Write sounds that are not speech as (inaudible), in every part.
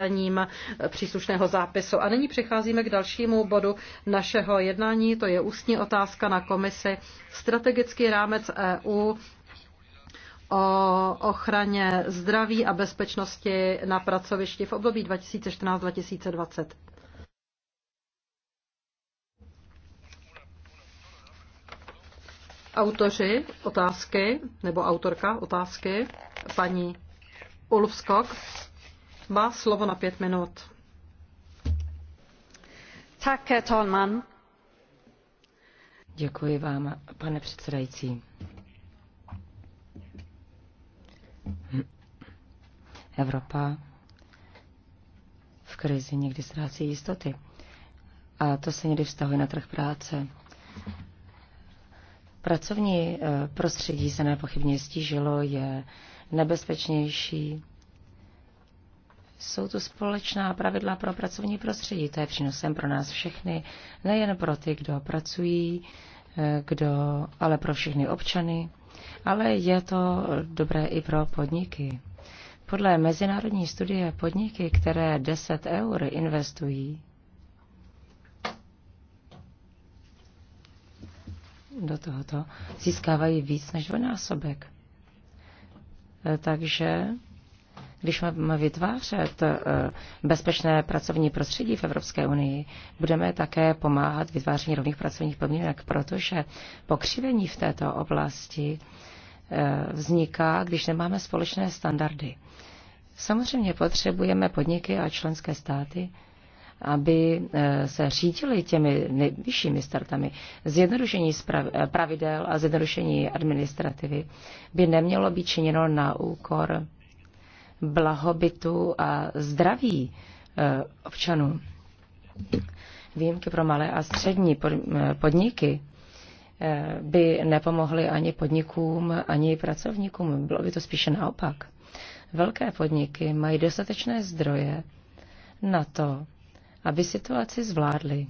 vydáním eh, příslušného zápisu. A nyní přecházíme k dalšímu bodu našeho jednání, to je ústní otázka na komisi Strategický rámec EU o ochraně zdraví a bezpečnosti na pracovišti v období 2014-2020. Autoři otázky, nebo autorka otázky, paní Ulfskog má slovo na pět minut. Tak, eh, Děkuji vám, pane předsedající. Evropa v krizi někdy ztrácí jistoty. A to se někdy vztahuje na trh práce. Pracovní eh, prostředí se nepochybně stížilo, je nebezpečnější, jsou tu společná pravidla pro pracovní prostředí. To je přínosem pro nás všechny, nejen pro ty, kdo pracují, eh, kdo, ale pro všechny občany, ale je to dobré i pro podniky. Podle mezinárodní studie podniky, které 10 eur investují do tohoto, získávají víc než dvojnásobek. Eh, takže když máme vytvářet eh, bezpečné pracovní prostředí v Evropské unii, budeme také pomáhat vytváření rovných pracovních podmínek, protože pokřivení v této oblasti eh, vzniká, když nemáme společné standardy. Samozřejmě potřebujeme podniky a členské státy, aby eh, se řídili těmi nejvyššími startami. Zjednodušení pravidel a zjednodušení administrativy by nemělo být činěno na úkor blahobytu a zdraví eh, občanů. Výjimky pro malé a střední eh, podniky eh, by nepomohly ani podnikům, ani pracovníkům. Bylo by to spíše naopak. Velké podniky mají dostatečné zdroje na to, aby situaci zvládly.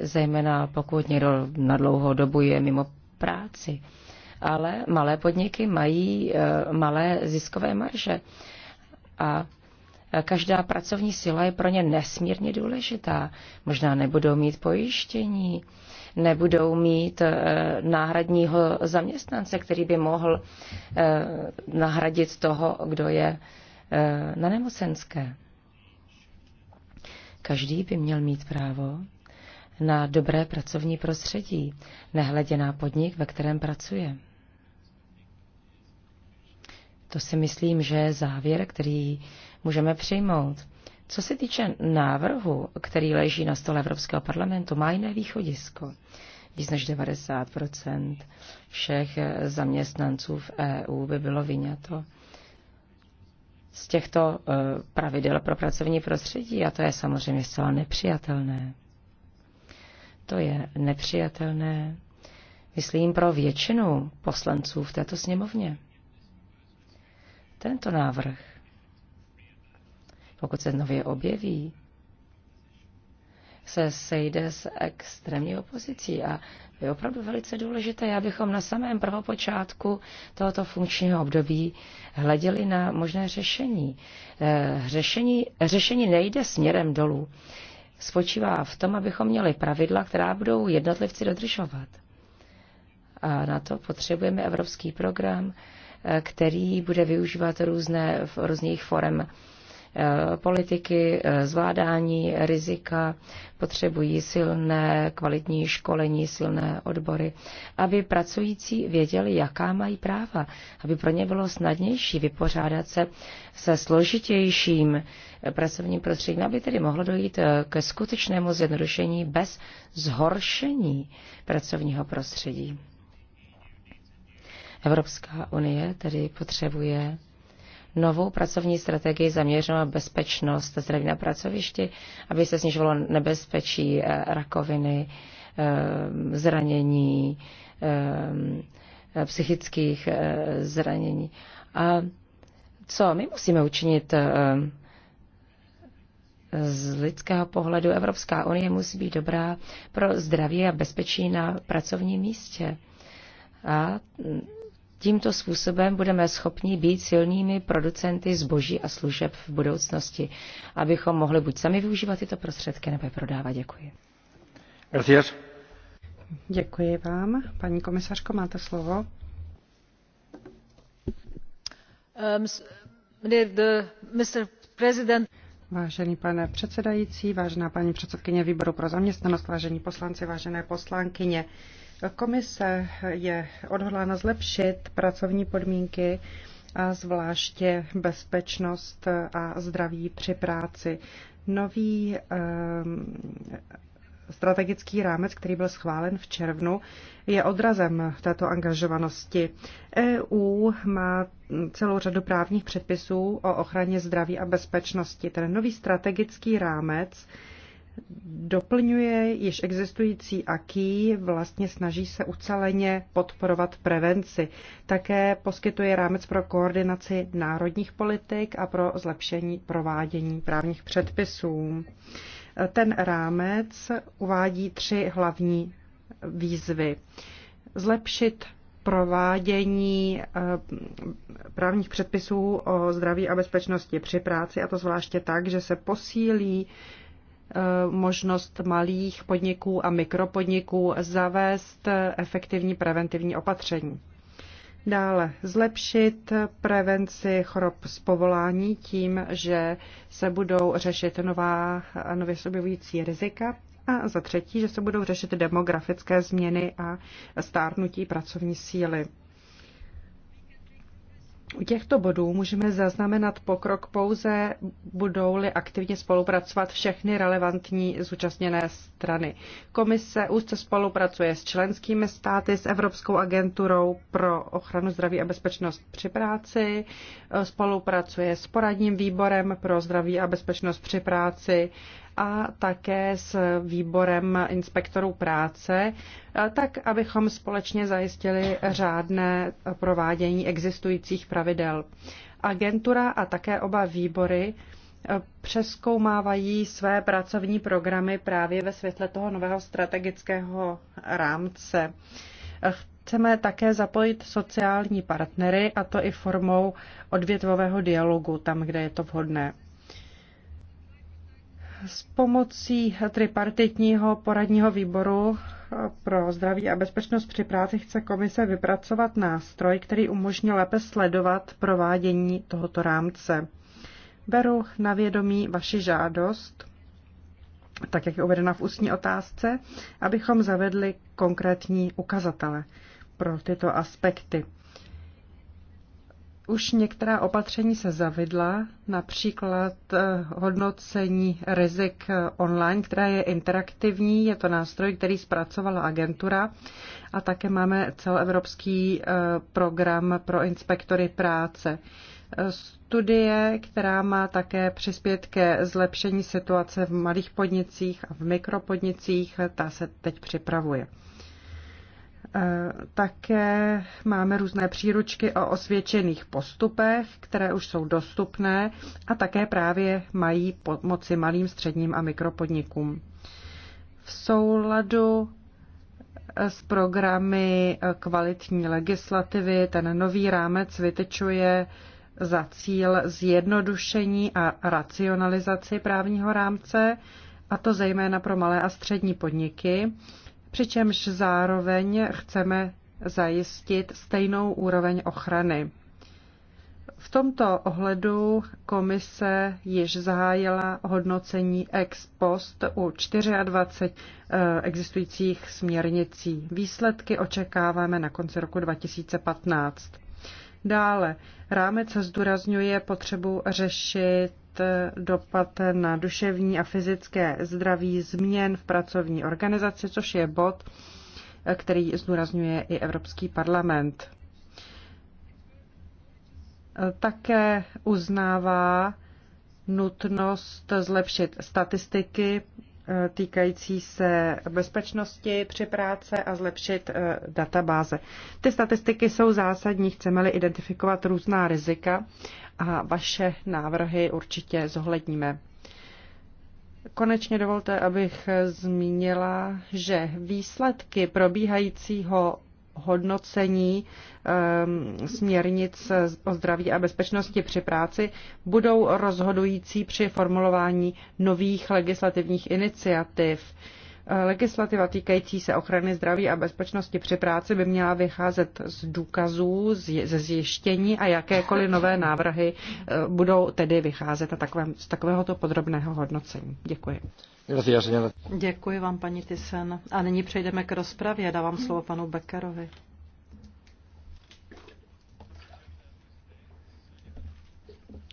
Zejména pokud někdo na dlouhou dobu je mimo práci ale malé podniky mají eh, malé ziskové marže. A každá pracovní síla je pro ně nesmírně důležitá. Možná nebudou mít pojištění, nebudou mít eh, náhradního zaměstnance, který by mohl eh, nahradit toho, kdo je na nemocenské. Každý by měl mít právo na dobré pracovní prostředí, nehledě na podnik, ve kterém pracuje. To si myslím, že je závěr, který můžeme přijmout. Co se týče návrhu, který leží na stole Evropského parlamentu, má jiné východisko. Víc než 90 všech zaměstnanců v EU by bylo vyňato z těchto e, pravidel pro pracovní prostředí a to je samozřejmě zcela nepřijatelné. To je nepřijatelné, myslím, pro většinu poslanců v této sněmovně. Tento návrh, pokud se nově objeví, se sejde s extrémní opozicí a je opravdu velice důležité, abychom na samém prvopočátku tohoto funkčního období hleděli na možné řešení. Eh, řešení, řešení nejde směrem dolů. Spočívá v tom, abychom měli pravidla, která budou jednotlivci dodržovat. A na to potřebujeme evropský program, který bude využívat různé, různých forem eh, politiky, eh, zvládání rizika, potřebují silné kvalitní školení, silné odbory, aby pracující věděli, jaká mají práva, aby pro ně bylo snadnější vypořádat se se složitějším eh, pracovním prostředím, aby tedy mohlo dojít ke skutečnému zjednodušení bez zhoršení pracovního prostředí. Evropská unie tedy potřebuje novou pracovní strategii zaměřenou na bezpečnost zdraví na pracovišti, aby se snižovalo nebezpečí eh, rakoviny, eh, zranění, eh, psychických zranění. A co my musíme učinit z lidského pohledu? Evropská unie musí být dobrá pro zdraví a bezpečí na pracovním místě. A Tímto způsobem budeme schopni být silnými producenty zboží a služeb v budoucnosti, abychom mohli buď sami využívat tyto prostředky nebo je prodávat. Děkuji. Gracias. Děkuji vám. Paní komisařko, máte slovo. Um, Vážený pane předsedající, vážená paní předsedkyně výboru pro zaměstnanost, vážení poslanci, vážené poslankyně, Komise je odhodlána zlepšit pracovní podmínky a zvláště bezpečnost a zdraví při práci. Nový ehm, strategický rámec, který byl schválen v červnu, je odrazem této angažovanosti. EU má celou řadu právních předpisů o ochraně zdraví a bezpečnosti. Ten nový strategický rámec doplňuje již existující aký, vlastně snaží se uceleně podporovat prevenci. Také poskytuje rámec pro koordinaci národních politik a pro zlepšení provádění právních předpisů. Ten rámec uvádí tři hlavní výzvy. Zlepšit provádění eh, právních předpisů o zdraví a bezpečnosti při práci, a to zvláště tak, že se posílí Eh, možnost malých podniků a mikropodniků zavést efektivní preventivní opatření. Dále zlepšit prevenci chorob z povolání tím, že se budou řešit nová a nově se objevující rizika. A za třetí, že se budou řešit demografické změny a stárnutí pracovní síly. U těchto bodů můžeme zaznamenat pokrok pouze, budou-li aktivně spolupracovat všechny relevantní zúčastněné strany. Komise úzce spolupracuje s členskými státy, s Evropskou agenturou pro ochranu zdraví a bezpečnost při práci, spolupracuje s poradním výborem pro zdraví a bezpečnost při práci a také s výborem inspektorů práce, tak abychom společně zajistili řádné provádění existujících pravidel. Agentura a také oba výbory e, přeskoumávají své pracovní programy právě ve světle toho nového strategického rámce. Chceme také zapojit sociální partnery, a to i formou odvětvového dialogu tam, kde je to vhodné. S pomocí tripartitního poradního výboru pro zdraví a bezpečnost při práci chce komise vypracovat nástroj, který umožní lépe sledovat provádění tohoto rámce. Beru na vědomí vaši žádost, tak jak je uvedena v ústní otázce, abychom zavedli konkrétní ukazatele pro tyto aspekty. Už některá opatření se zavedla, například eh, hodnocení rizik online, která je interaktivní, je to nástroj, který zpracovala agentura a také máme celoevropský eh, program pro inspektory práce. Eh, studie, která má také přispět ke zlepšení situace v malých podnicích a v mikropodnicích, ta se teď připravuje. Eh, také máme různé příručky o osvědčených postupech, které už jsou dostupné a také právě mají pomoci malým, středním a mikropodnikům. V souladu eh, s programy eh, kvalitní legislativy ten nový rámec vytečuje za cíl zjednodušení a racionalizaci právního rámce, a to zejména pro malé a střední podniky, přičemž zároveň chceme zajistit stejnou úroveň ochrany. V tomto ohledu komise již zahájila hodnocení ex post u 24 eh, existujících směrnicí. Výsledky očekáváme na konci roku 2015. Dále rámec zdůrazňuje potřebu řešit dopad na duševní a fyzické zdraví změn v pracovní organizaci, což je bod, který zdůrazňuje i Evropský parlament. Také uznává nutnost zlepšit statistiky Eh, týkající se bezpečnosti při práce a zlepšit eh, databáze. Ty statistiky jsou zásadní, chceme-li identifikovat různá rizika a vaše návrhy určitě zohledníme. Konečně dovolte, abych zmínila, že výsledky probíhajícího hodnocení ehm, směrnic o zdraví a bezpečnosti při práci budou rozhodující při formulování nových legislativních iniciativ. Eh, legislativa týkající se ochrany zdraví a bezpečnosti při práci by měla vycházet z důkazů, ze zjištění a jakékoliv nové návrhy eh, budou tedy vycházet a takovém, z takovéhoto podrobného hodnocení. Děkuji. Děkuji vám, paní Tysen. A nyní přejdeme k rozpravě. Dávám slovo panu Beckerovi.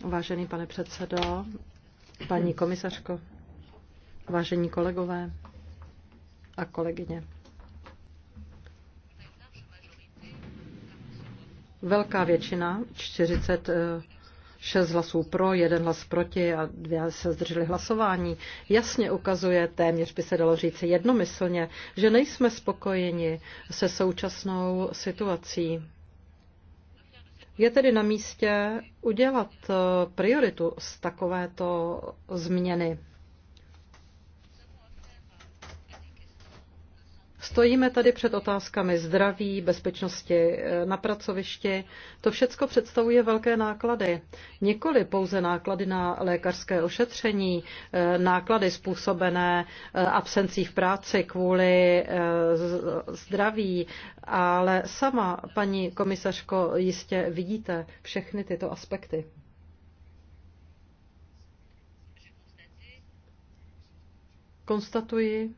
Vážený pane předsedo, paní komisařko, vážení kolegové a kolegyně. Velká většina, 40 šest hlasů pro, jeden hlas proti a dvě se zdrželi hlasování, jasně ukazuje, téměř by se dalo říct jednomyslně, že nejsme spokojeni se současnou situací. Je tedy na místě udělat eh, prioritu z takovéto změny. Stojíme tady před otázkami zdraví, bezpečnosti eh, na pracovišti. To všechno představuje velké náklady. Nikoli pouze náklady na lékařské ošetření, eh, náklady způsobené eh, absencí v práci kvůli zdraví, ale sama, paní komisařko, jistě vidíte všechny tyto aspekty. Konstatuji,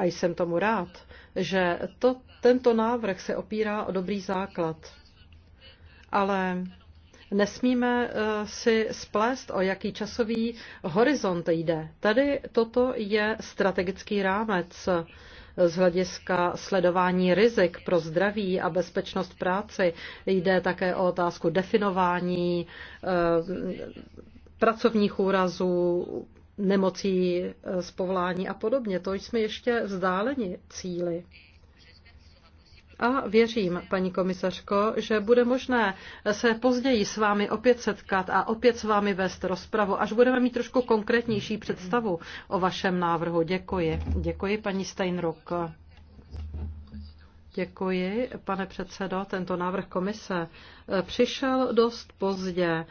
a jsem tomu rád, že to, tento návrh se opírá o dobrý základ. Ale nesmíme eh, si splést, o jaký časový horizont jde. Tady toto je strategický rámec eh, z hlediska sledování rizik pro zdraví a bezpečnost práci. Jde také o otázku definování eh, pracovních úrazů, nemocí eh, z povolání a podobně. To jsme ještě vzdáleni cíly. A věřím, paní komisařko, že bude možné se později s vámi opět setkat a opět s vámi vést rozpravu, až budeme mít trošku konkrétnější představu o vašem návrhu. Děkuji. Děkuji, paní Steinrock. Děkuji, pane předsedo. Tento návrh komise eh, přišel dost pozdě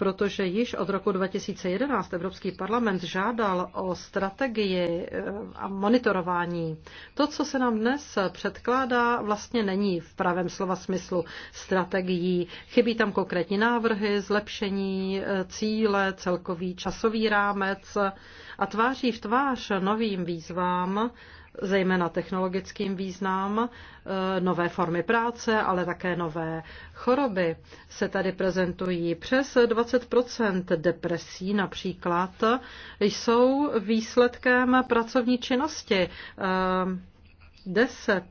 protože již od roku 2011 Evropský parlament žádal o strategii eh, a monitorování. To, co se nám dnes předkládá, vlastně není v pravém slova smyslu strategií. Chybí tam konkrétní návrhy, zlepšení eh, cíle, celkový časový rámec a tváří v tvář novým výzvám, zejména technologickým význam, eh, nové formy práce, ale také nové choroby se tady prezentují. Přes 20 depresí například jsou výsledkem pracovní činnosti. 10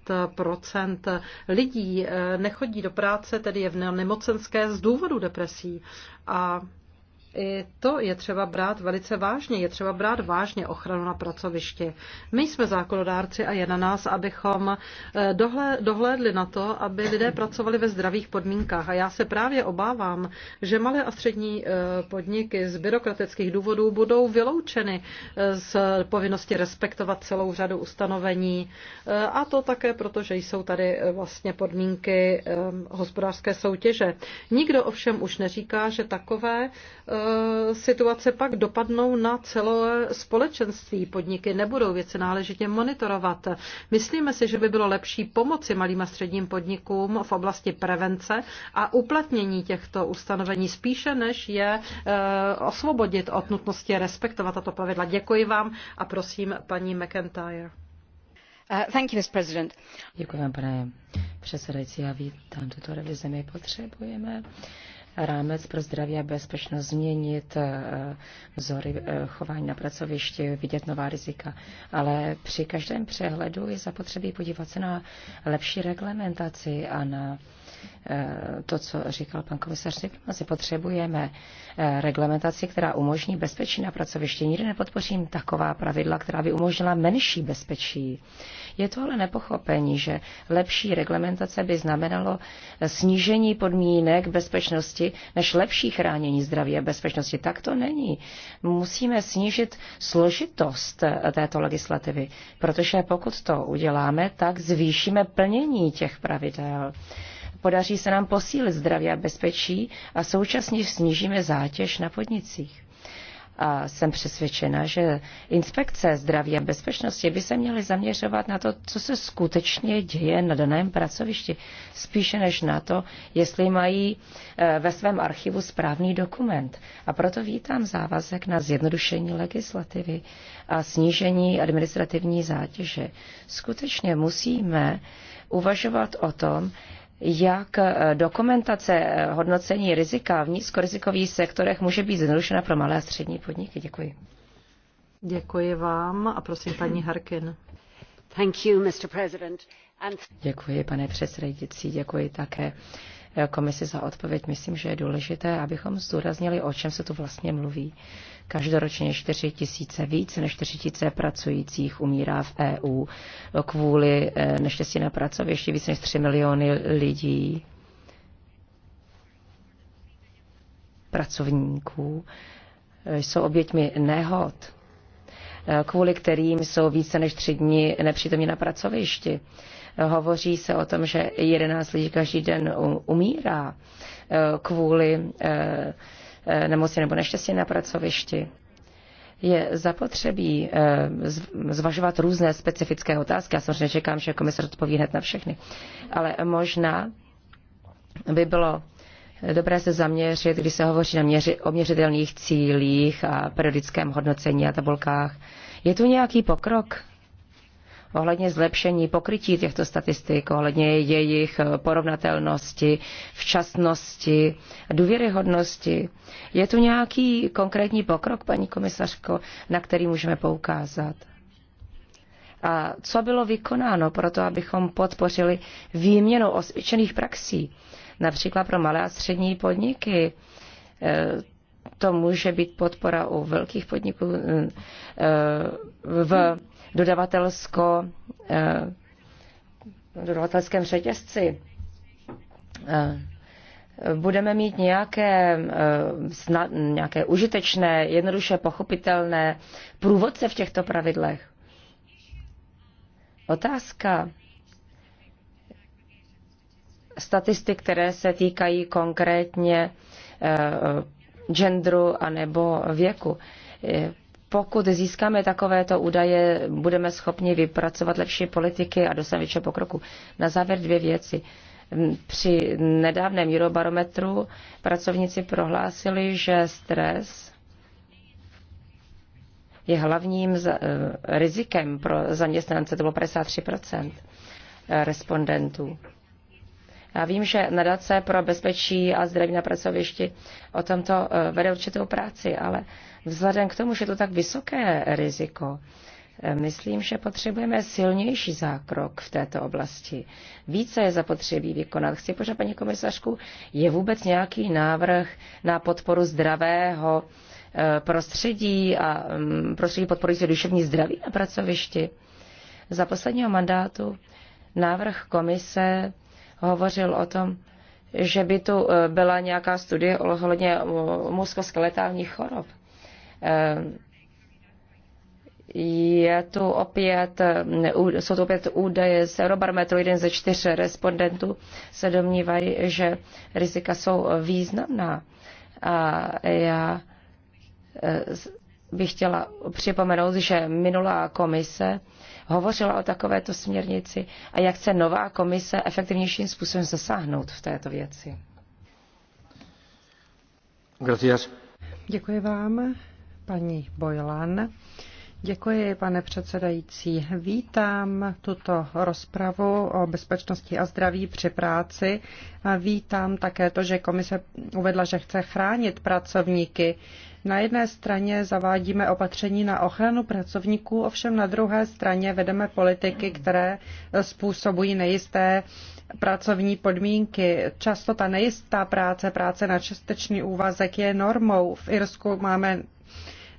eh, lidí eh, nechodí do práce, tedy je v nemocenské z důvodu depresí. A i to je třeba brát velice vážně, je třeba brát vážně ochranu na pracovišti. My jsme zákonodárci a je na nás, abychom eh, dohlédli na to, aby lidé pracovali ve zdravých podmínkách. A já se právě obávám, že malé a střední eh, podniky z byrokratických důvodů budou vyloučeny eh, z povinnosti respektovat celou řadu ustanovení. A to také proto, že jsou tady vlastně podmínky hospodářské soutěže. Nikdo ovšem už neříká, že takové Eh, situace pak dopadnou na celé společenství. Podniky nebudou věci náležitě monitorovat. Myslíme si, že by bylo lepší pomoci malým a středním podnikům v oblasti prevence a uplatnění těchto ustanovení spíše, než je eh, osvobodit od nutnosti respektovat tato pravidla. Děkuji vám a prosím paní McIntyre. Uh, thank you, Mr. President. Děkuji vám, pane předsedající. Já vítám tuto revizi. My potřebujeme uh, rámec pro zdraví a bezpečnost, změnit eh, vzory eh, chování na pracovišti, vidět nová rizika. Ale při každém přehledu je zapotřebí podívat se na lepší reglementaci a na Eh, to, co říkal pan komisař diplomaci. Potřebujeme eh, reglementaci, která umožní bezpečí na pracovišti. Nikdy nepodpořím taková pravidla, která by umožnila menší bezpečí. Je to ale nepochopení, že lepší reglementace by znamenalo eh, snížení podmínek bezpečnosti než lepší chránění zdraví a bezpečnosti. Tak to není. Musíme snížit složitost této legislativy, protože pokud to uděláme, tak zvýšíme plnění těch pravidel. Podaří se nám posílit zdraví a bezpečí a současně snížíme zátěž na podnicích. A jsem přesvědčena, že inspekce zdraví a bezpečnosti by se měly zaměřovat na to, co se skutečně děje na daném pracovišti, spíše než na to, jestli mají e, ve svém archivu správný dokument. A proto vítám závazek na zjednodušení legislativy a snížení administrativní zátěže. Skutečně musíme uvažovat o tom, jak eh, dokumentace eh, hodnocení rizika v nízkorizikových sektorech může být zrušena pro malé a střední podniky. Děkuji. Děkuji vám a prosím paní Harkin. Thank you, Mr. President. And... Děkuji, pane předsedající, děkuji také komisi za odpověď. Myslím, že je důležité, abychom zdůraznili, o čem se tu vlastně mluví. Každoročně 4 tisíce víc než 4 tisíce pracujících umírá v EU kvůli eh, neštěstí na pracovišti, víc než 3 miliony lidí pracovníků eh, jsou oběťmi nehod, eh, kvůli kterým jsou více než tři dny nepřítomní na pracovišti. Hovoří se o tom, že 11 lidí každý den umírá eh, kvůli eh, eh, nemoci nebo neštěstí na pracovišti je zapotřebí zvažovat různé specifické otázky. Já samozřejmě čekám, že komisar odpoví hned na všechny. Ale možná by bylo dobré se zaměřit, když se hovoří na měři, o měřitelných cílích a periodickém hodnocení a tabulkách. Je tu nějaký pokrok ohledně zlepšení pokrytí těchto statistik, ohledně jejich porovnatelnosti, včasnosti, důvěryhodnosti. Je tu nějaký konkrétní pokrok, paní komisařko, na který můžeme poukázat? A co bylo vykonáno pro to, abychom podpořili výměnu osvědčených praxí, například pro malé a střední podniky? E, to může být podpora u velkých podniků e, v dodavatelsko, eh, dodavatelském řetězci eh, budeme mít nějaké, eh, nějaké užitečné, jednoduše pochopitelné průvodce v těchto pravidlech. Otázka statistik, které se týkají konkrétně genderu anebo věku pokud získáme takovéto údaje, budeme schopni vypracovat lepší politiky a dosáhnout většího pokroku. Na závěr dvě věci. Při nedávném Eurobarometru pracovníci prohlásili, že stres je hlavním e, rizikem pro zaměstnance. To bylo 53% e, respondentů. Já vím, že nadace pro bezpečí a zdraví na pracovišti o tomto e, vede určitou práci, ale Vzhledem k tomu, že to tak vysoké riziko, eh, myslím, že potřebujeme silnější zákrok v této oblasti. Více je zapotřebí vykonat. Chci požádat paní komisařku, je vůbec nějaký návrh na podporu zdravého eh, prostředí a mm, prostředí podporující duševní zdraví na pracovišti? Za posledního mandátu návrh komise hovořil o tom, že by tu eh, byla nějaká studie ohledně mozkoskeletálních chorob. Eh, je tu opět, jsou tu opět údaje z Eurobarometru. Jeden ze čtyř respondentů se domnívají, že rizika jsou významná. A já eh, bych chtěla připomenout, že minulá komise hovořila o takovéto směrnici a jak chce nová komise efektivnějším způsobem zasáhnout v této věci. Gracias. Děkuji vám paní Bojlan. Děkuji, pane předsedající. Vítám tuto rozpravu o bezpečnosti a zdraví při práci. A vítám také to, že komise uvedla, že chce chránit pracovníky. Na jedné straně zavádíme opatření na ochranu pracovníků, ovšem na druhé straně vedeme politiky, které způsobují nejisté pracovní podmínky. Často ta nejistá práce, práce na čestečný úvazek je normou. V Irsku máme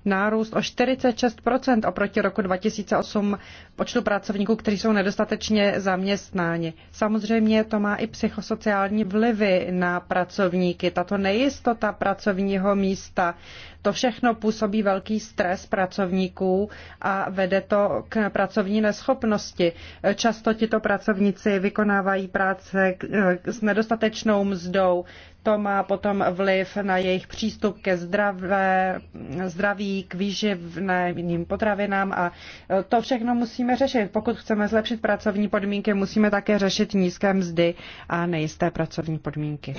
nárůst o 46 oproti roku 2008 počtu pracovníků, kteří jsou nedostatečně zaměstnáni. Samozřejmě to má i psychosociální vlivy na pracovníky. Tato nejistota pracovního místa to všechno působí velký stres pracovníků a vede to k pracovní neschopnosti. Často tito pracovníci vykonávají práce s nedostatečnou mzdou. To má potom vliv na jejich přístup ke zdravé, zdraví, k výživným potravinám a to všechno musíme řešit. Pokud chceme zlepšit pracovní podmínky, musíme také řešit nízké mzdy a nejisté pracovní podmínky.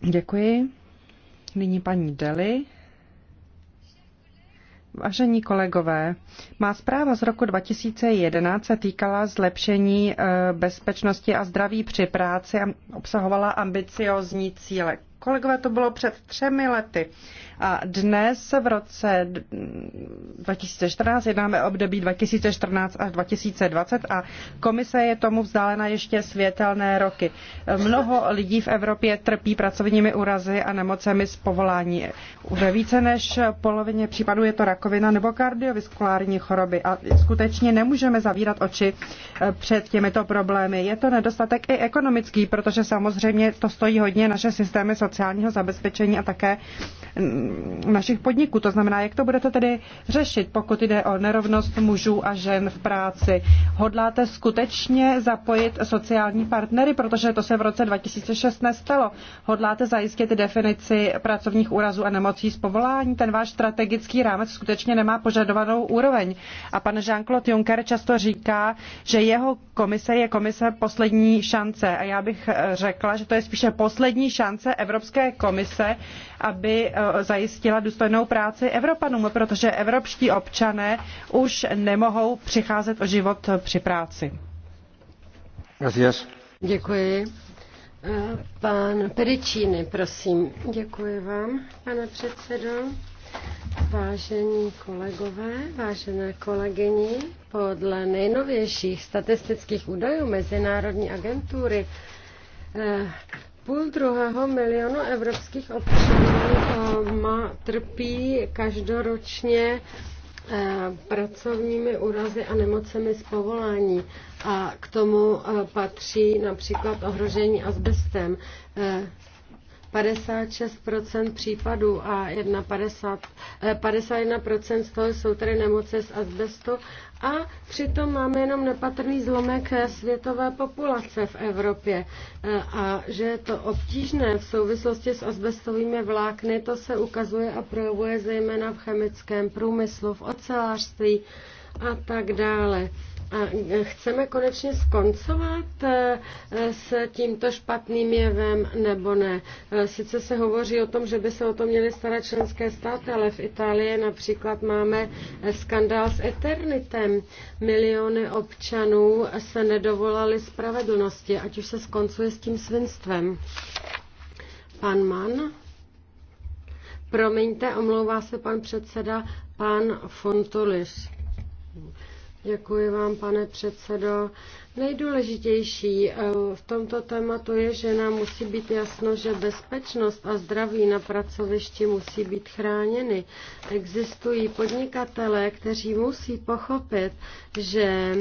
Děkuji. Nyní paní Deli. Vážení kolegové, má zpráva z roku 2011 se týkala zlepšení eh, bezpečnosti a zdraví při práci a obsahovala ambiciozní cíle. Kolegové, to bylo před třemi lety. A dnes v roce 2014 jednáme období 2014 až 2020 a komise je tomu vzdálena ještě světelné roky. Mnoho lidí v Evropě trpí pracovními úrazy a nemocemi z povolání. Ve více než polovině případů je to rakovina nebo kardiovaskulární choroby a skutečně nemůžeme zavírat oči před těmito problémy. Je to nedostatek i ekonomický, protože samozřejmě to stojí hodně naše systémy sociální sociálního zabezpečení a také Mm, našich podniků. To znamená, jak to budete tedy řešit, pokud jde o nerovnost mužů a žen v práci. Hodláte skutečně zapojit sociální partnery, protože to se v roce 2006 nestalo. Hodláte zajistit definici pracovních úrazů a nemocí z povolání. Ten váš strategický rámec skutečně nemá požadovanou úroveň. A pan Jean-Claude Juncker často říká, že jeho komise je komise poslední šance. A já bych řekla, že to je spíše poslední šance Evropské komise, aby Eh, zajistila důstojnou práci Evropanům, protože evropští občané už nemohou přicházet o život při práci. Gracias. Děkuji. Eh, Pán Pericíny, prosím. Děkuji vám, pane předsedo. Vážení kolegové, vážené kolegyni, podle nejnovějších statistických údajů Mezinárodní agentury eh, půl druhého milionu evropských občanů eh, má, trpí každoročně eh, pracovními úrazy a nemocemi z povolání. A k tomu eh, patří například ohrožení asbestem. 56% případů a 51% z toho jsou tedy nemoce z asbestu a přitom máme jenom nepatrný zlomek světové populace v Evropě. E, a že je to obtížné v souvislosti s asbestovými vlákny, to se ukazuje a projevuje zejména v chemickém průmyslu, v ocelářství a tak dále chceme konečně skoncovat eh, s tímto špatným jevem nebo ne? Eh, sice se hovoří o tom, že by se o to měly starat členské státy, ale v Itálii například máme eh, skandál s Eternitem. Miliony občanů se nedovolali spravedlnosti, ať už se skoncuje s tím svinstvem. Pan Mann? Promiňte, omlouvá se pan předseda, pan Fontulis. Děkuji vám, pane předsedo. Nejdůležitější eh, v tomto tématu je, že nám musí být jasno, že bezpečnost a zdraví na pracovišti musí být chráněny. Existují podnikatele, kteří musí pochopit, že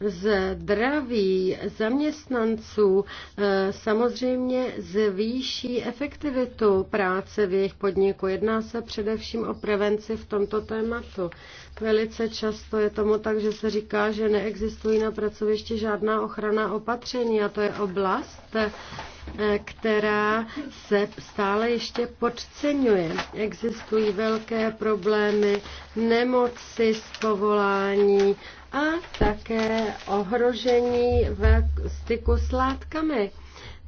zdraví zaměstnanců eh, samozřejmě zvýší efektivitu práce v jejich podniku. Jedná se především o prevenci v tomto tématu. Velice často je tomu tak, že se říká, že neexistují na pracovišti žádná ochrana opatření a to je oblast, eh, která se stále ještě podceňuje. Existují velké problémy, nemoci z povolání a také ohrožení v styku s látkami.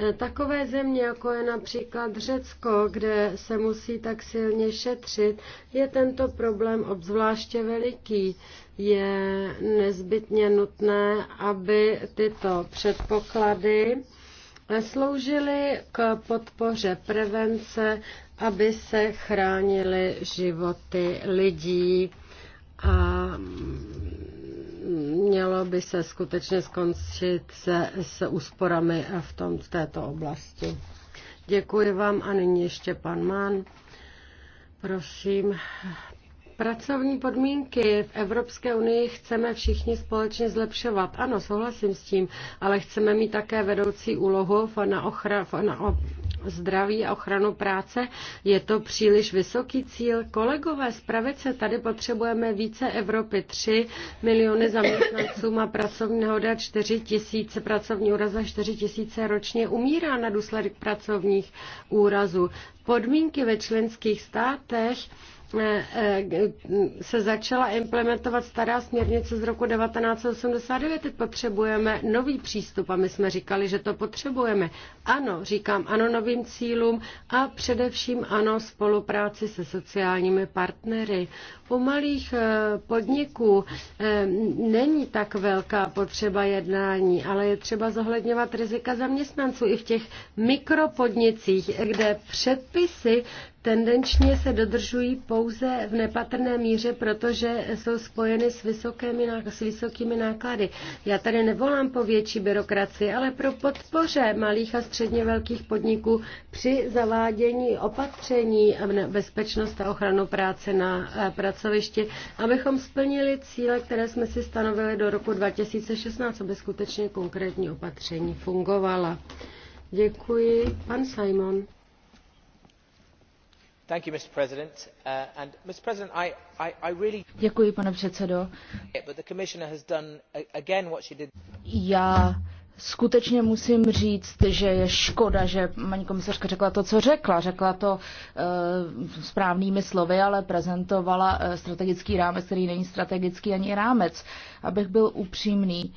E, Takové země, jako je například Řecko, kde se musí tak silně šetřit, je tento problém obzvláště veliký. Je nezbytně nutné, aby tyto předpoklady sloužily k podpoře prevence, aby se chránily životy lidí a Mělo by se skutečně skončit se, s úsporami v, tom, v této oblasti. Děkuji vám a nyní ještě pan Mann. Prosím, Pracovní podmínky v Evropské unii chceme všichni společně zlepšovat. Ano, souhlasím s tím, ale chceme mít také vedoucí úlohu na, ochra- na zdraví a ochranu práce. Je to příliš vysoký cíl. Kolegové z pravice, tady potřebujeme více Evropy. 3 miliony zaměstnanců má pracovní hoda 4 tisíce, pracovní úraza 4 tisíce ročně umírá na důsledek pracovních úrazů. Podmínky ve členských státech Eh, eh, se začala implementovat stará směrnice z roku 1989. Teď potřebujeme nový přístup a my jsme říkali, že to potřebujeme. Ano, říkám ano novým cílům a především ano spolupráci se sociálními partnery. U malých eh, podniků není tak velká potřeba jednání, ale je třeba zohledňovat rizika zaměstnanců i v těch mikropodnicích, kde předpisy tendenčně se dodržují pouze v nepatrné míře, protože jsou spojeny s, vysokými, s vysokými náklady. Já tady nevolám po větší byrokracii, ale pro podpoře malých a středně velkých podniků při zavádění opatření bezpečnost a ochranu práce na eh, pracovišti, abychom splnili cíle, které jsme si stanovili do roku 2016, aby skutečně konkrétní opatření fungovala. Děkuji. Pan Simon. Děkuji, pane předsedo. Uh, Já skutečně musím říct, že je škoda, že paní komisařka řekla to, co řekla. Řekla to uh, správnými slovy, ale prezentovala uh, strategický rámec, který není strategický ani rámec. Abych byl upřímný,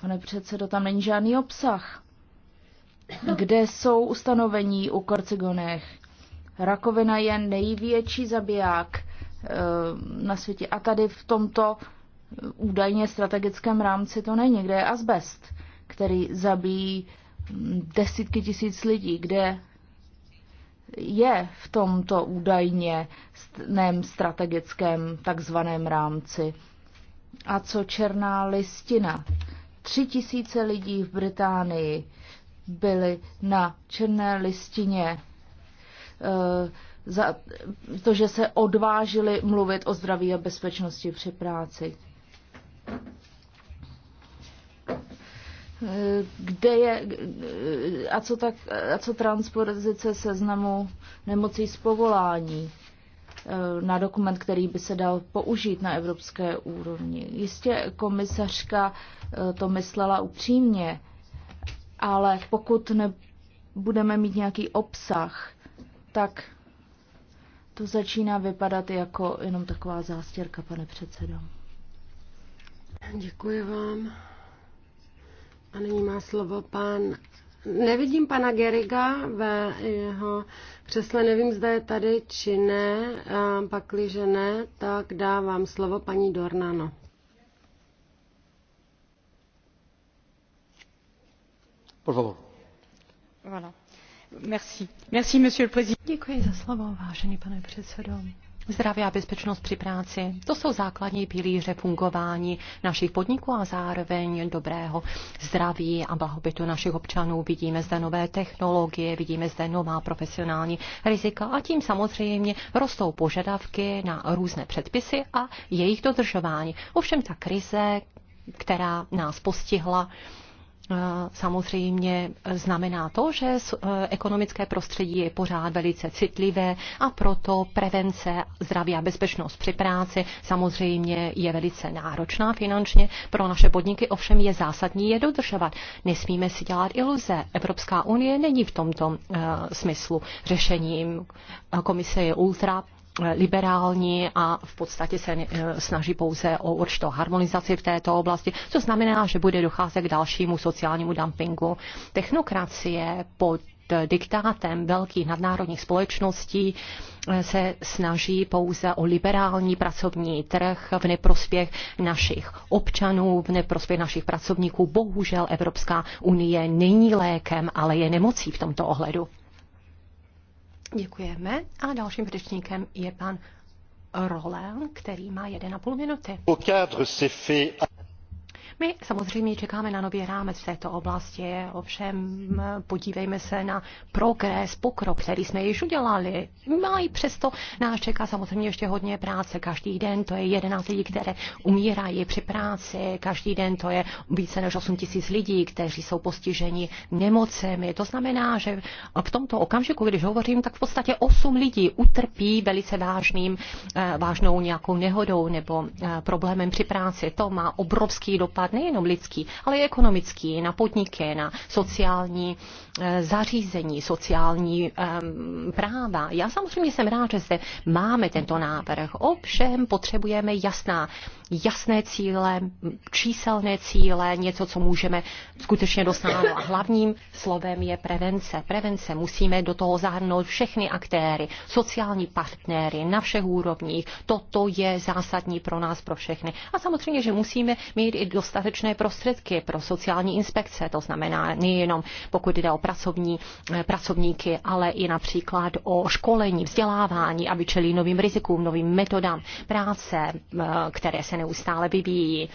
pane předsedo, tam není žádný obsah. Kde jsou ustanovení o korcigonech? Rakovina je největší zabiják eh, na světě a tady v tomto údajně strategickém rámci to není, kde je asbest, který zabíjí hm, desítky tisíc lidí, kde je v tomto údajně strategickém takzvaném rámci. A co černá listina? Tři tisíce lidí v Británii byli na černé listině Eh, za to, že se odvážili mluvit o zdraví a bezpečnosti při práci. Eh, kde je, eh, a co, tak, a co transpozice seznamu nemocí z povolání na dokument, který by se dal použít na evropské úrovni. Jistě komisařka to myslela upřímně, ale pokud nebudeme mít nějaký obsah, tak to začíná vypadat jako jenom taková zástěrka, pane předsedo. Děkuji vám. A nyní má slovo pan. Nevidím pana Geriga ve jeho křesle, nevím, zda je tady či ne. Pakliže ne, tak dávám slovo paní Dornano. Por favor. Voilà. Děkuji za vážený pane předsedající Zdraví a bezpečnost při práci, to jsou základní pilíře fungování našich podniků a zároveň dobrého zdraví a blahobytu našich občanů. Vidíme zde nové technologie, vidíme zde nová profesionální rizika a tím samozřejmě rostou požadavky na různé předpisy a jejich dodržování. Ovšem ta krize, která nás postihla, samozřejmě znamená to, že e, ekonomické prostředí je pořád velice citlivé a proto prevence zdraví a bezpečnost při práci samozřejmě je velice náročná finančně pro naše podniky, ovšem je zásadní je dodržovat. Nesmíme si dělat iluze. Evropská unie není v tomto e, smyslu řešením. Komise je ultra liberální a v podstatě se eh, snaží pouze o určitou harmonizaci v této oblasti, co znamená, že bude docházet k dalšímu sociálnímu dumpingu. Technokracie pod diktátem velkých nadnárodních společností eh, se snaží pouze o liberální pracovní trh v neprospěch našich občanů, v neprospěch našich pracovníků. Bohužel Evropská unie není lékem, ale je nemocí v tomto ohledu. Děkujeme. A dalším řečníkem je pan Roland, který má 1,5 minuty. My samozřejmě čekáme na nový rámec v této oblasti, ovšem podívejme se na progres, pokrok, který jsme již udělali. Má i přesto nás čeká samozřejmě ještě hodně práce. Každý den to je 11 lidí, které umírají při práci, každý den to je více než 8 tisíc lidí, kteří jsou postiženi nemocemi. To znamená, že v tomto okamžiku, když hovořím, tak v podstatě 8 lidí utrpí velice vážným, eh, vážnou nějakou nehodou nebo eh, problémem při práci. To má obrovský dopad dopad nejenom lidský, ale i ekonomický na podniky, na sociální eh, zařízení, sociální ehm, práva. Já samozřejmě jsem rád, že zde máme tento návrh. Ovšem potřebujeme jasná, jasné cíle, číselné cíle, něco, co můžeme skutečně dosáhnout. A hlavním slovem je prevence. Prevence musíme do toho zahrnout všechny aktéry, sociální partnery na všech úrovních. Toto je zásadní pro nás, pro všechny. A samozřejmě, že musíme mít i dostat dostatečné prostředky pro sociální inspekce, to znamená nejenom pokud jde o pracovní, eh, pracovníky, ale i například o školení, vzdělávání, aby čelí novým rizikům, novým metodám práce, eh, které se neustále vyvíjí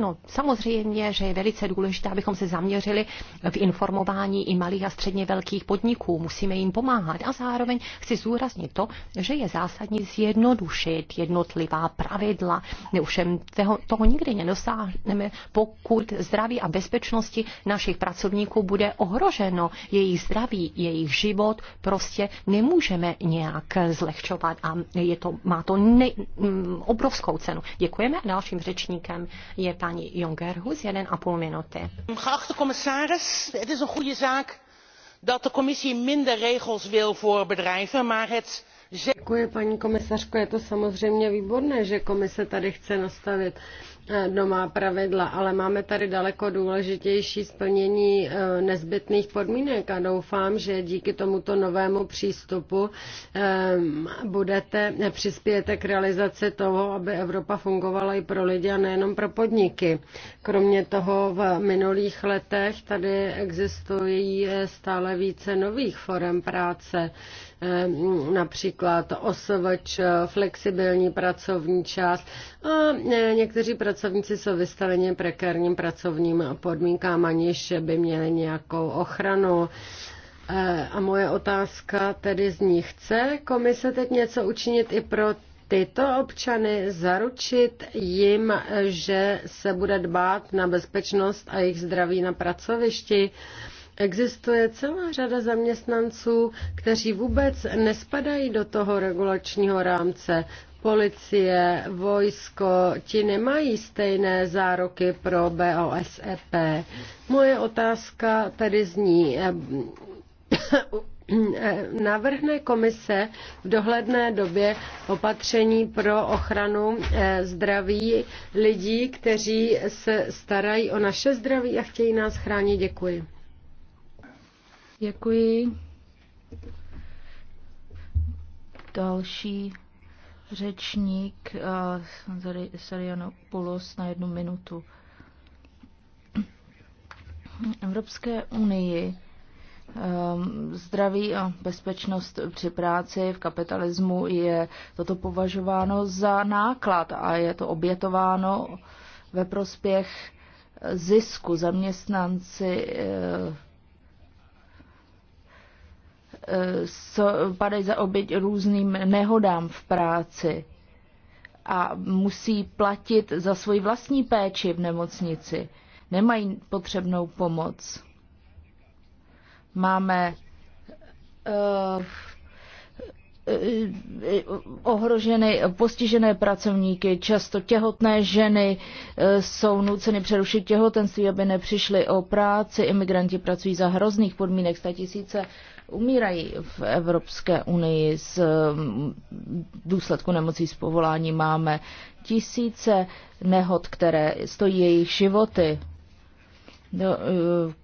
No, samozřejmě, že je velice důležité, abychom se zaměřili v informování i malých a středně velkých podniků. Musíme jim pomáhat. A zároveň chci zúraznit to, že je zásadní zjednodušit jednotlivá pravidla. Ovšem toho, toho nikdy nedosáhneme, pokud zdraví a bezpečnosti našich pracovníků bude ohroženo. Jejich zdraví, jejich život prostě nemůžeme nějak zlehčovat a je to, má to ne, mm, obrovskou cenu. Děkujeme a dalším řečníkem je je paní Jongerhus, 1,5 minuty. Geachte commissaris, het is een goede zaak dat de commissie minder regels wil voor bedrijven, maar het Děkuji, paní komisařko. Je to samozřejmě výborné, že komise tady chce nastavit doma eh, pravidla, ale máme tady daleko důležitější splnění eh, nezbytných podmínek a doufám, že díky tomuto novému přístupu eh, budete, přispějete k realizaci toho, aby Evropa fungovala i pro lidi a nejenom pro podniky. Kromě toho v minulých letech tady existují stále více nových forem práce například OSVČ, flexibilní pracovní čas a e, někteří pracovníci jsou vystaveni prekérním pracovním podmínkám, aniž by měli nějakou ochranu. E, a moje otázka tedy zní, chce komise teď něco učinit i pro tyto občany, zaručit jim, že se bude dbát na bezpečnost a jejich zdraví na pracovišti. Existuje celá řada zaměstnanců, kteří vůbec nespadají do toho regulačního rámce policie, vojsko, ti nemají stejné zároky pro BOSEP. Moje otázka tedy zní, eh, (coughs) navrhne komise v dohledné době opatření pro ochranu eh, zdraví lidí, kteří se starají o naše zdraví a chtějí nás chránit. Děkuji. Děkuji. Další Řečník uh, eh, polos na jednu minutu. Evropské unii um, zdraví a bezpečnost při práci v kapitalismu je toto považováno za náklad a je to obětováno ve prospěch zisku. Zaměstnanci uh, padají za oběť různým nehodám v práci a musí platit za svoji vlastní péči v nemocnici. Nemají potřebnou pomoc. Máme uh, ohroženy, postižené pracovníky, často těhotné ženy eh, jsou nuceny přerušit těhotenství, aby nepřišly o práci. Imigranti pracují za hrozných podmínek. Statisíce umírají v Evropské unii z mm, důsledku nemocí z povolání. Máme tisíce nehod, které stojí jejich životy. No, e,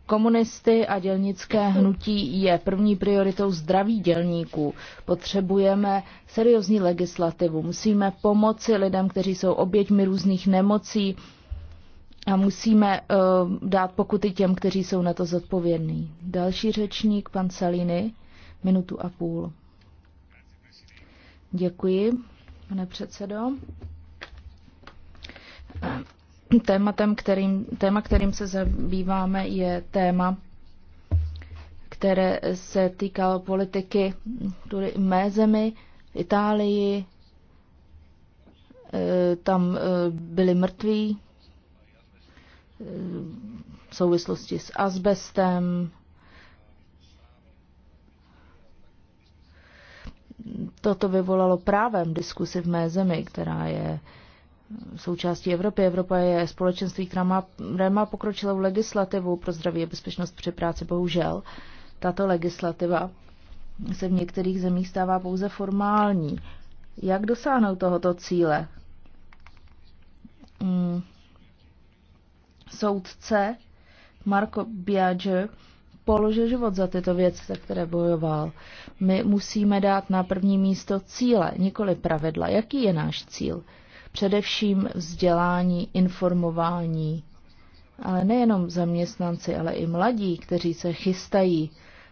komunisty a dělnické hnutí je první prioritou zdraví dělníků. Potřebujeme seriózní legislativu. Musíme pomoci lidem, kteří jsou oběťmi různých nemocí, a musíme uh, dát pokuty těm, kteří jsou na to zodpovědní. Další řečník, pan Salini, minutu a půl. Děkuji, pane předsedo. Eh, tématem, kterým, téma, kterým se zabýváme, je téma, které se týkalo politiky tudy mé zemi, Itálii. Eh, tam byli mrtví, v souvislosti s asbestem. Toto vyvolalo právem diskusi v mé zemi, která je součástí Evropy. Evropa je společenství, která má, která má pokročilou legislativu pro zdraví a bezpečnost při práci. Bohužel, tato legislativa se v některých zemích stává pouze formální. Jak dosáhnout tohoto cíle? Hmm soudce Marco Biagio položil život za tyto věci, za které bojoval. My musíme dát na první místo cíle, nikoli pravidla. Jaký je náš cíl? Především vzdělání, informování, ale nejenom zaměstnanci, ale i mladí, kteří se chystají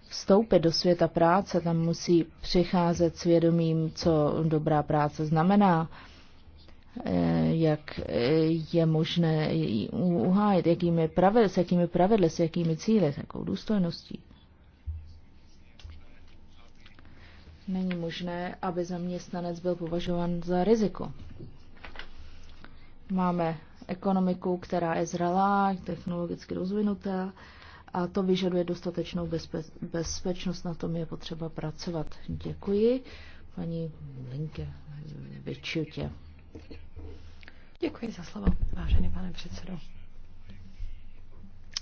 vstoupit do světa práce, tam musí přicházet svědomím, co dobrá práce znamená Eh, jak eh, je možné uhájit, jakými pravidly, s jakými pravidly, s jakými cíly, s jakou důstojností. Není možné, aby zaměstnanec byl považován za riziko. Máme ekonomiku, která je zralá, technologicky rozvinutá a to vyžaduje dostatečnou bezpe- bezpečnost. Na tom je potřeba pracovat. Děkuji, paní Linke vyčutě. Děkuji za slovo, vážený pane předsedo.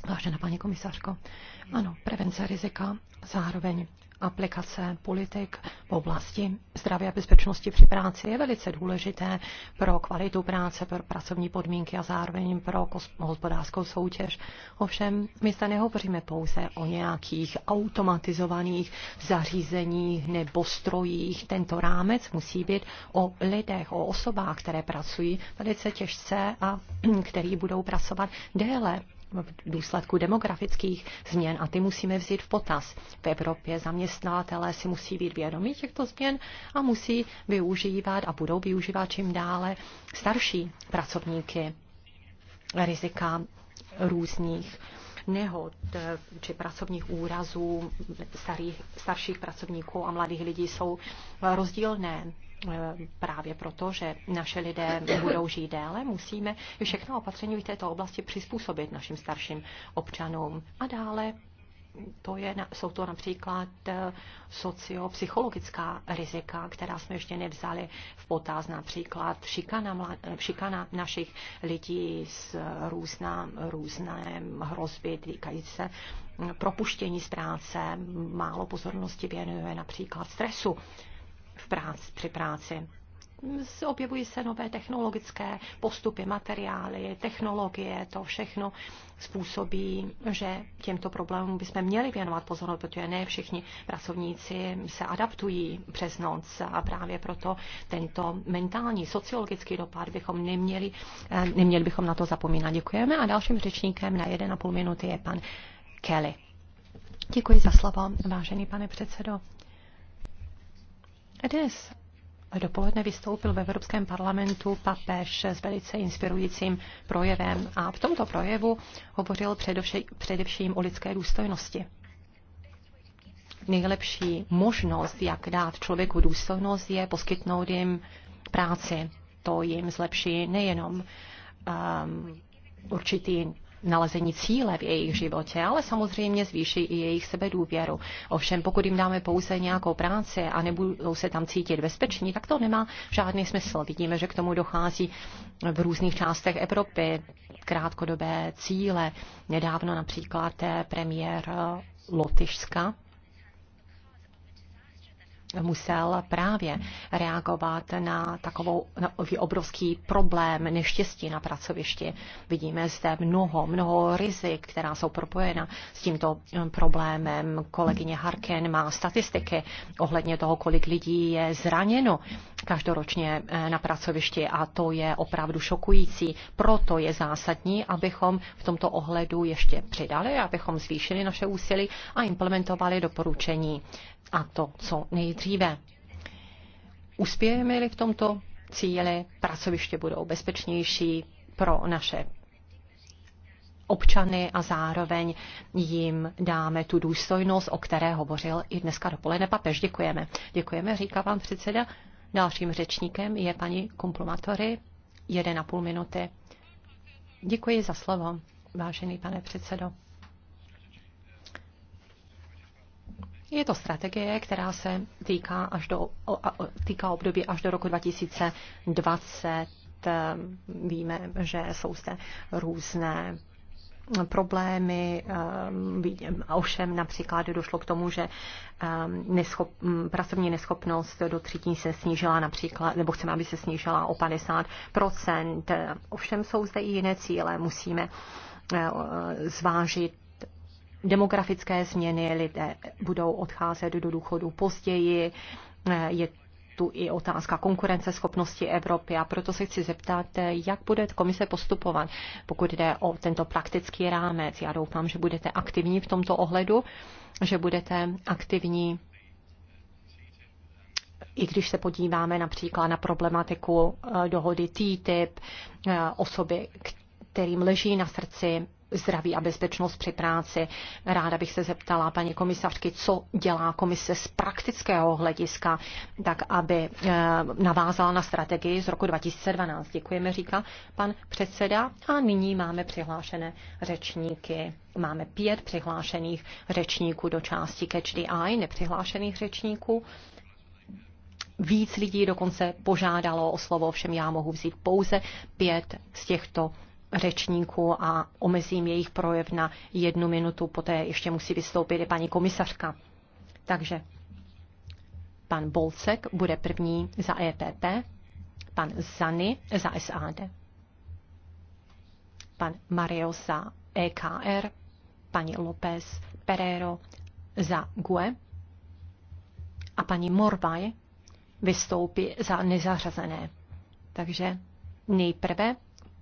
Vážená paní komisařko, ano, prevence rizika, zároveň aplikace politik v oblasti zdraví a bezpečnosti při práci je velice důležité pro kvalitu práce, pro pracovní podmínky a zároveň pro hospodářskou soutěž. Ovšem, my zde nehovoříme pouze o nějakých automatizovaných zařízeních nebo strojích. Tento rámec musí být o lidech, o osobách, které pracují velice těžce a (clears throat) který budou pracovat déle v důsledku demografických změn a ty musíme vzít v potaz. V Evropě zaměstnatelé si musí být vědomí těchto změn a musí využívat a budou využívat čím dále starší pracovníky rizika různých nehod eh, či pracovních úrazů starých, starších pracovníků a mladých lidí jsou rozdílné eh, právě proto, že naše lidé budou žít déle, musíme všechno opatření v této oblasti přizpůsobit našim starším občanům. A dále to je, jsou to například eh, sociopsychologická rizika, která jsme ještě nevzali v potaz, například šikana, šikana našich lidí s různá, různé hrozby týkající se hm, propuštění z práce, málo pozornosti věnuje například stresu v práci, při práci objevují se nové technologické postupy, materiály, technologie, to všechno způsobí, že těmto problémům bychom měli věnovat pozornost, protože ne všichni pracovníci se adaptují přes noc a právě proto tento mentální, sociologický dopad bychom neměli, eh, neměli bychom na to zapomínat. Děkujeme a dalším řečníkem na 1,5 minuty je pan Kelly. Děkuji za slovo, vážený pane předsedo. Dnes dopoledne vystoupil ve Evropském parlamentu papež s velice inspirujícím projevem a v tomto projevu hovořil především, především o lidské důstojnosti. Nejlepší možnost, jak dát člověku důstojnost, je poskytnout jim práci. To jim zlepší nejenom um, určitý nalezení cíle v jejich životě, ale samozřejmě zvýší i jejich sebedůvěru. Ovšem, pokud jim dáme pouze nějakou práci a nebudou se tam cítit bezpeční, tak to nemá žádný smysl. Vidíme, že k tomu dochází v různých částech Evropy. Krátkodobé cíle. Nedávno například eh, premiér eh, Lotyšska musel právě reagovat na takovou na obrovský problém neštěstí na pracovišti. Vidíme zde mnoho, mnoho rizik, která jsou propojena s tímto eh, problémem. Kolegyně Harken má statistiky ohledně toho, kolik lidí je zraněno každoročně eh, na pracovišti a to je opravdu šokující. Proto je zásadní, abychom v tomto ohledu ještě přidali, abychom zvýšili naše úsilí a implementovali doporučení a to co nejdříve. Uspějeme-li v tomto cíli, pracoviště budou bezpečnější pro naše občany a zároveň jim dáme tu důstojnost, o které hovořil i dneska dopoledne papež. Děkujeme. Děkujeme, říká pan předseda. Dalším řečníkem je paní komplomatory, půl minuty. Děkuji za slovo, vážený pane předsedo. Je to strategie, která se týká, až do, týká období až do roku 2020. Ehm, víme, že jsou zde různé problémy. Ehm, ovšem například došlo k tomu, že ehm, neschop, pracovní neschopnost do třetí se snížila například, nebo chceme, aby se snížila o 50%. Ovšem jsou zde i jiné cíle. Musíme eh, zvážit demografické změny, lidé budou odcházet do důchodu později, je tu i otázka konkurenceschopnosti Evropy a proto se chci zeptat, jak bude komise postupovat, pokud jde o tento praktický rámec. Já doufám, že budete aktivní v tomto ohledu, že budete aktivní i když se podíváme například na problematiku eh, dohody TTIP, eh, osoby, kterým leží na srdci zdraví a bezpečnost při práci. Ráda bych se zeptala paní komisařky, co dělá komise z praktického hlediska, tak aby eh, navázala na strategii z roku 2012. Děkujeme, říká pan předseda. A nyní máme přihlášené řečníky. Máme pět přihlášených řečníků do části Catch the Eye, nepřihlášených řečníků. Víc lidí dokonce požádalo o slovo, ovšem já mohu vzít pouze pět z těchto řečníků a omezím jejich projev na jednu minutu, poté ještě musí vystoupit i paní komisařka. Takže pan Bolcek bude první za EPP, pan Zany za SAD, pan Mario za EKR, paní López Pereiro za GUE a paní Morvaj vystoupí za nezařazené. Takže nejprve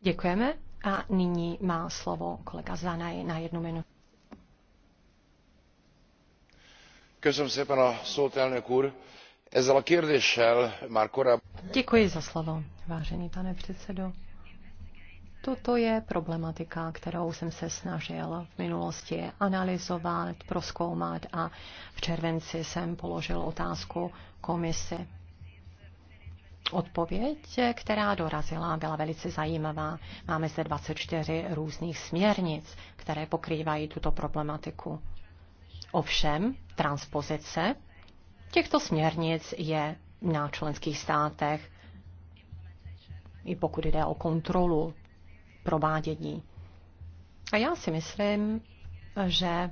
Děkujeme a nyní má slovo kolega Zanaj na jednu minutu. Děkuji za slovo, vážený pane předsedo. Toto je problematika, kterou jsem se snažil v minulosti analyzovat, proskoumat a v červenci jsem položil otázku komisi Odpověď, která dorazila, byla velice zajímavá. Máme zde 24 různých směrnic, které pokrývají tuto problematiku. Ovšem, transpozice těchto směrnic je na členských státech, i pokud jde o kontrolu provádění. A já si myslím, že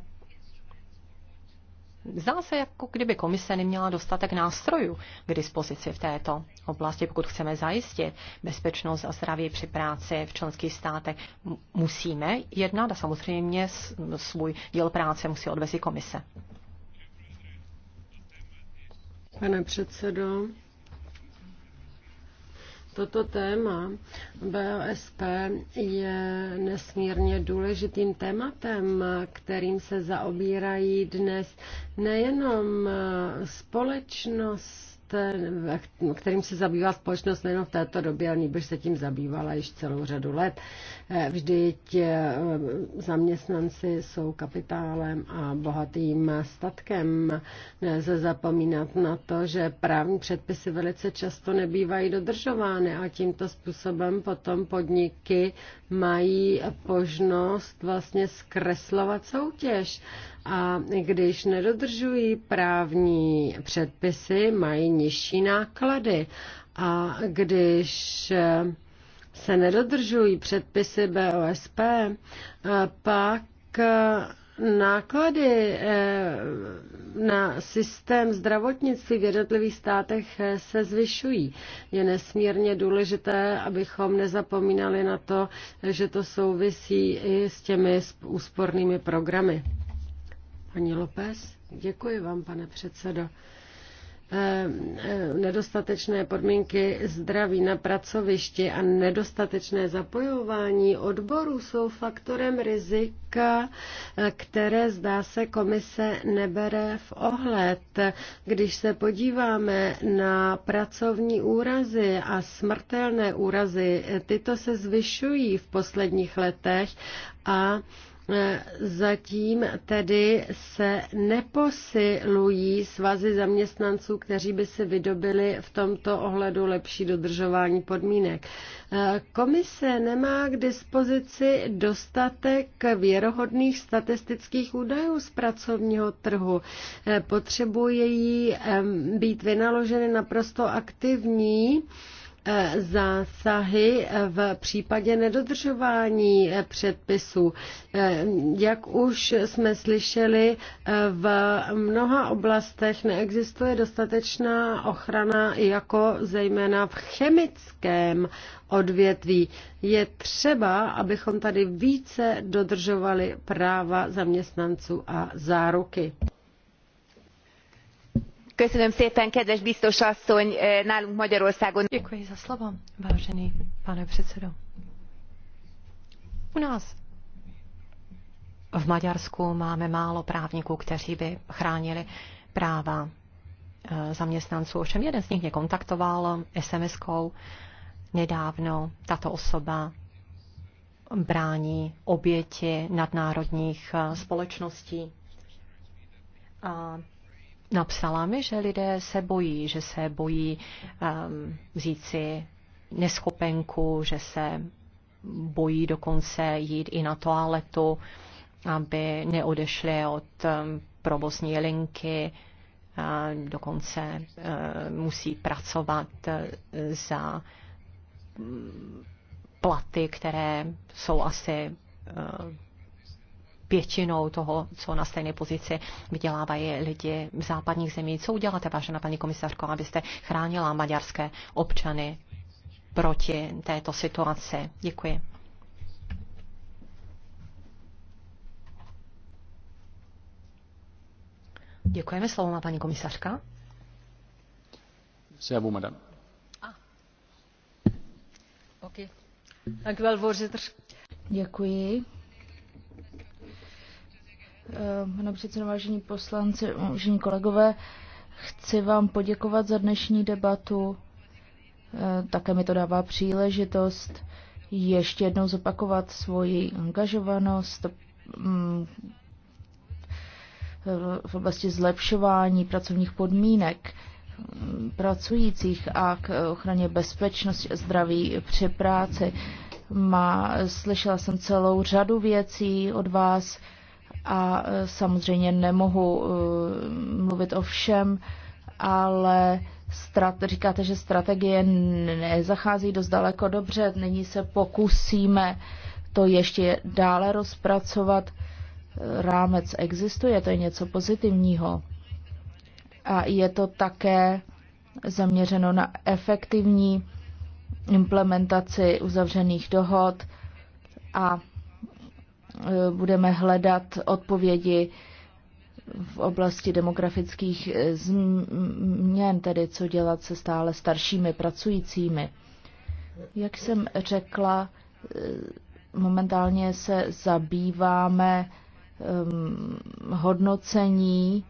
Zdá se, jako kdyby komise neměla dostatek nástrojů k dispozici v této oblasti. Pokud chceme zajistit bezpečnost a zdraví při práci v členských státech, musíme jednat a samozřejmě svůj díl práce musí odvezit komise. Pane předsedo, Toto téma BOSP je nesmírně důležitým tématem, kterým se zaobírají dnes nejenom společnost, Eh, kterým se zabývá společnost nejen v této době, ale nebož se tím zabývala již celou řadu let. Eh, vždyť eh, zaměstnanci jsou kapitálem a bohatým statkem. Nelze zapomínat na to, že právní předpisy velice často nebývají dodržovány a tímto způsobem potom podniky mají možnost vlastně zkreslovat soutěž a když nedodržují právní předpisy, mají nižší náklady. A když eh, se nedodržují předpisy BOSP, eh, pak eh, náklady na systém zdravotnictví v jednotlivých státech se zvyšují. Je nesmírně důležité, abychom nezapomínali na to, že to souvisí i s těmi úspornými programy. Paní López, děkuji vám, pane předsedo eh, eh, nedostatečné podmínky zdraví na pracovišti a nedostatečné zapojování odborů jsou faktorem rizika, eh, které zdá se komise nebere v ohled. Když se podíváme na pracovní úrazy a smrtelné úrazy, tyto se zvyšují v posledních letech a E, zatím tedy se neposilují svazy zaměstnanců, kteří by si vydobili v tomto ohledu lepší dodržování podmínek. E, komise nemá k dispozici dostatek věrohodných statistických údajů z pracovního trhu. E, potřebuje jí být vynaloženy naprosto aktivní zásahy v případě nedodržování předpisů. Jak už jsme slyšeli, v mnoha oblastech neexistuje dostatečná ochrana, jako zejména v chemickém odvětví. Je třeba, abychom tady více dodržovali práva zaměstnanců a záruky kedves biztos asszony eh, nálunk magyarországon. U nás v Maďarsku máme málo právníků, kteří by chránili práva eh, zaměstnanců. Ovšem jeden z nich mě kontaktoval SMS-kou nedávno. Tato osoba brání oběti nadnárodních eh, společností. A napsala mi, že lidé se bojí, že se bojí um, vzít si neschopenku, že se bojí dokonce jít i na toaletu, aby neodešli od um, provozní linky, a dokonce uh, musí pracovat uh, za um, platy, které jsou asi uh, většinou toho, co na stejné pozici vydělávají lidi v západních zemí. Co uděláte, vážená paní komisařko, abyste chránila maďarské občany proti této situaci? Děkuji. Děkujeme. Slovo má paní komisařka. Sjavu, madam. Ah. Okay. Děkuji. Eh, pane předsedo, vážení poslanci, vážení kolegové, chci vám poděkovat za dnešní debatu. Eh, také mi to dává příležitost ještě jednou zopakovat svoji angažovanost mm, v oblasti zlepšování pracovních podmínek mm, pracujících a k ochraně bezpečnosti a zdraví při práci. Má, slyšela jsem celou řadu věcí od vás, a e, samozřejmě nemohu e, mluvit o všem, ale strat, říkáte, že strategie nezachází dost daleko dobře, nyní se pokusíme to ještě dále rozpracovat. Rámec existuje, to je něco pozitivního. A je to také zaměřeno na efektivní implementaci uzavřených dohod a Eh, budeme hledat odpovědi v oblasti demografických eh, změn, tedy co dělat se stále staršími pracujícími. Jak jsem řekla, eh, momentálně se zabýváme ehm, hodnocení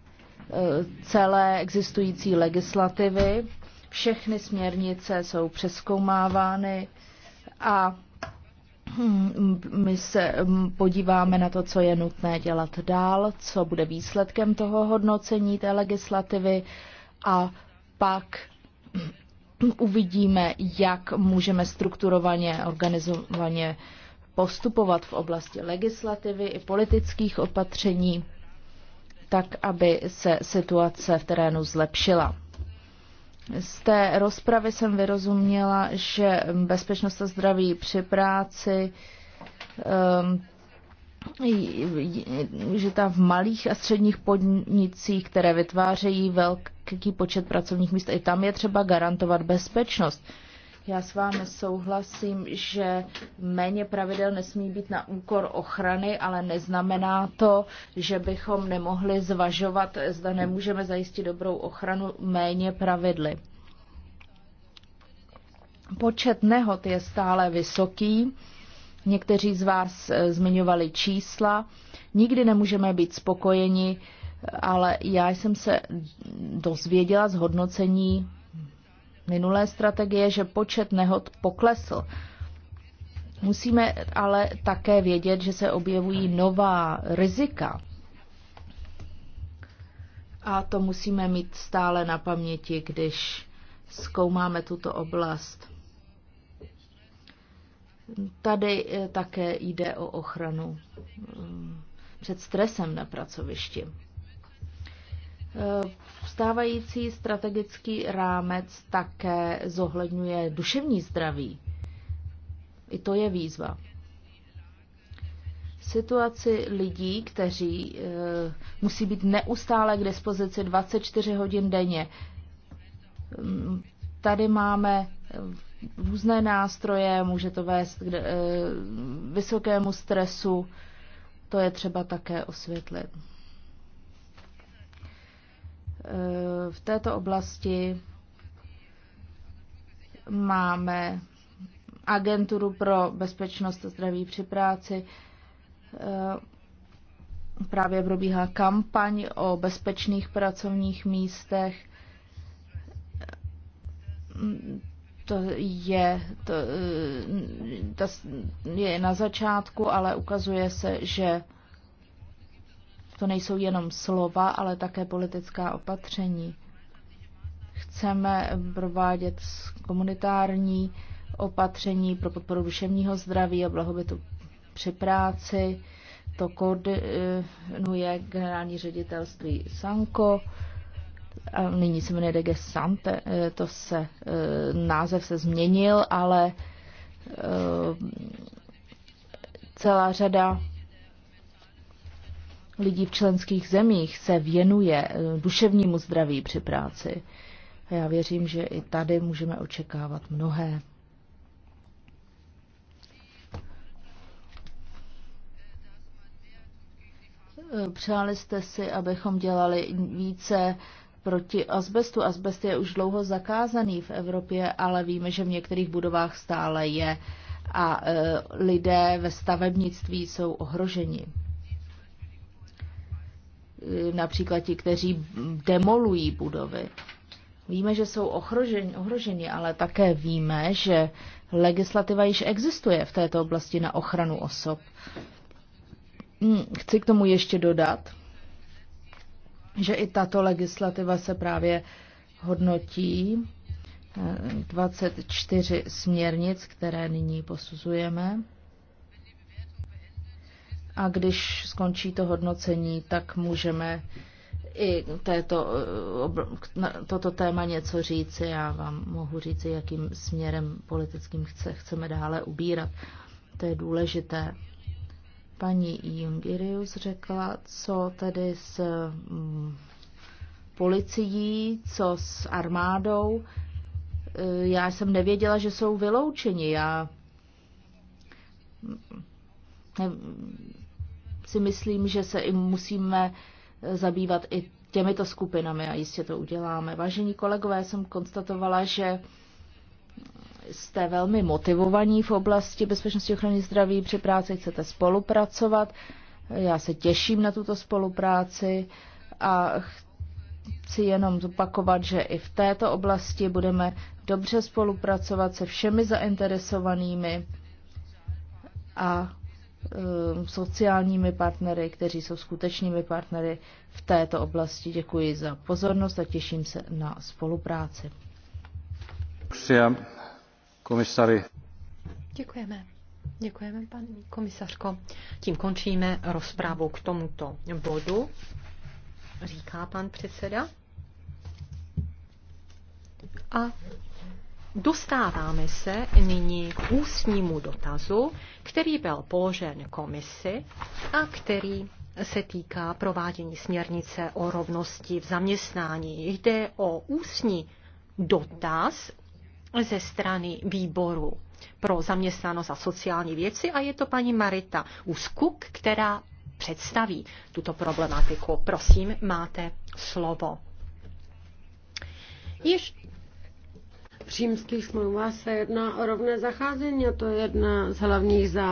celé existující legislativy. Všechny směrnice jsou přeskoumávány a Hmm, my se hmm, podíváme na to, co je nutné dělat dál, co bude výsledkem toho hodnocení té legislativy a pak (clears throat) uvidíme, jak můžeme strukturovaně, organizovaně postupovat v oblasti legislativy i politických opatření, tak aby se situace v terénu zlepšila. Z té rozpravy jsem vyrozuměla, že bezpečnost a zdraví při práci, ehm, že tam v malých a středních podnicích, které vytvářejí velký počet pracovních míst, i tam je třeba garantovat bezpečnost. Já s vámi souhlasím, že méně pravidel nesmí být na úkor ochrany, ale neznamená to, že bychom nemohli zvažovat, zda nemůžeme zajistit dobrou ochranu méně pravidly. Počet nehod je stále vysoký. Někteří z vás eh, zmiňovali čísla. Nikdy nemůžeme být spokojeni, ale já jsem se dozvěděla z hodnocení minulé strategie, že počet nehod poklesl. Musíme ale také vědět, že se objevují nová rizika. A to musíme mít stále na paměti, když zkoumáme tuto oblast. Tady eh, také jde o ochranu mm, před stresem na pracovišti. Vstávající strategický rámec také zohledňuje duševní zdraví. I to je výzva. Situaci lidí, kteří e, musí být neustále k dispozici 24 hodin denně. Mm, tady máme eh, různé nástroje, může to vést k e, vysokému stresu. To je třeba také osvětlit. Eh, v této oblasti máme agenturu pro bezpečnost a zdraví při práci. Eh, právě probíhá kampaň o bezpečných pracovních místech. To je, to, eh, to je na začátku, ale ukazuje se, že to nejsou jenom slova, ale také politická opatření. Chceme provádět komunitární opatření pro podporu duševního zdraví a blahobytu při práci. To koordinuje generální ředitelství Sanko. A nyní se jmenuje DG Sante. E, to se, e, název se změnil, ale e, celá řada lidí v členských zemích se věnuje eh, duševnímu zdraví při práci. A já věřím, že i tady můžeme očekávat mnohé. Eh, přáli jste si, abychom dělali více proti asbestu. Asbest je už dlouho zakázaný v Evropě, ale víme, že v některých budovách stále je a eh, lidé ve stavebnictví jsou ohroženi. E, například ti, kteří demolují budovy. Víme, že jsou ohroženi, ohroženi, ale také víme, že legislativa již existuje v této oblasti na ochranu osob. Hmm, chci k tomu ještě dodat, že i tato legislativa se právě hodnotí 24 e, směrnic, které nyní posuzujeme. A když skončí to hodnocení, tak můžeme i této, eh, toto téma něco říci. Já vám mohu říci, jakým směrem politickým chce, chceme dále ubírat. To je důležité. Paní Jungirius řekla, co tedy s mm, policií, co s armádou. Eh, já jsem nevěděla, že jsou vyloučeni. Já mm, si myslím, že se i musíme zabývat i těmito skupinami a jistě to uděláme. Vážení kolegové, jsem konstatovala, že jste velmi motivovaní v oblasti bezpečnosti ochrany zdraví při práci, chcete spolupracovat. Já se těším na tuto spolupráci a chci jenom zopakovat, že i v této oblasti budeme dobře spolupracovat se všemi zainteresovanými a Eh, sociálními partnery, kteří jsou skutečnými partnery v této oblasti. Děkuji za pozornost a těším se na spolupráci. Komisary. Děkujeme. Děkujeme, paní komisařko. Tím končíme rozprávu k tomuto bodu, říká pan předseda. A Dostáváme se nyní k ústnímu dotazu, který byl položen komisi a který se týká provádění směrnice o rovnosti v zaměstnání. Jde o ústní dotaz ze strany výboru pro zaměstnanost a sociální věci a je to paní Marita Uskuk, která představí tuto problematiku. Prosím, máte slovo. Již římských smlouvách se jedná o rovné zacházení a to je jedna z hlavních zásad.